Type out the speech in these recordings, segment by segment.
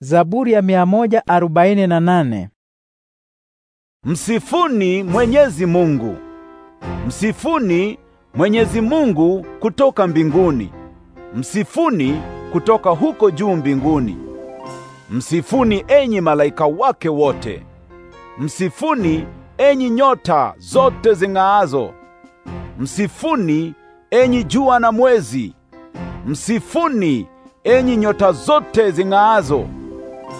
Zaburi ya 148. Msifuni Mwenyezi Mungu. Msifuni Mwenyezi Mungu kutoka mbinguni. Msifuni kutoka huko juu mbinguni. Msifuni enyi malaika wake wote. Msifuni enyi nyota zote zing'aazo. Msifuni enyi jua na mwezi. Msifuni enyi nyota zote zing'aazo.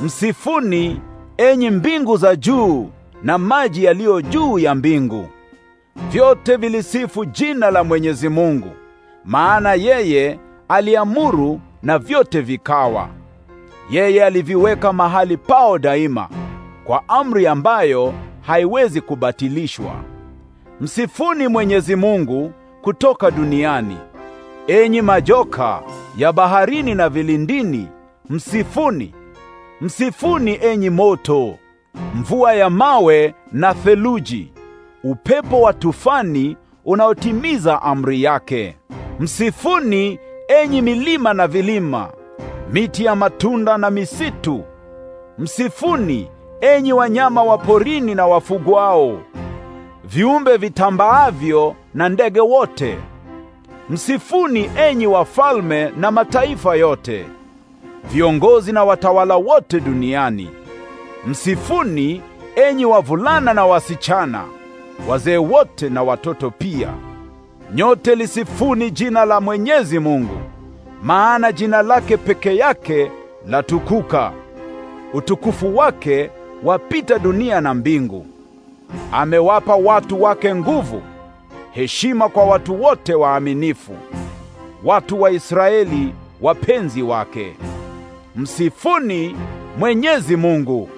Msifuni enyi mbingu za juu na maji yaliyo juu ya mbingu. Vyote vilisifu jina la Mwenyezi Mungu, maana yeye aliamuru na vyote vikawa. Yeye aliviweka mahali pao daima kwa amri ambayo haiwezi kubatilishwa. Msifuni Mwenyezi Mungu kutoka duniani. Enyi majoka ya baharini na vilindini, msifuni. Msifuni enyi moto, mvua ya mawe na theluji, upepo wa tufani unaotimiza amri yake. Msifuni enyi milima na vilima, miti ya matunda na misitu. Msifuni enyi wanyama wa porini na wafugwao, viumbe vitambaavyo na ndege wote. Msifuni enyi wafalme na mataifa yote viongozi na watawala wote duniani. Msifuni enyi wavulana na wasichana, wazee wote na watoto pia. Nyote lisifuni jina la Mwenyezi Mungu, maana jina lake peke yake latukuka. Utukufu wake wapita dunia na mbingu. Amewapa watu wake nguvu, heshima kwa watu wote waaminifu, watu wa Israeli wapenzi wake. Msifuni Mwenyezi Mungu.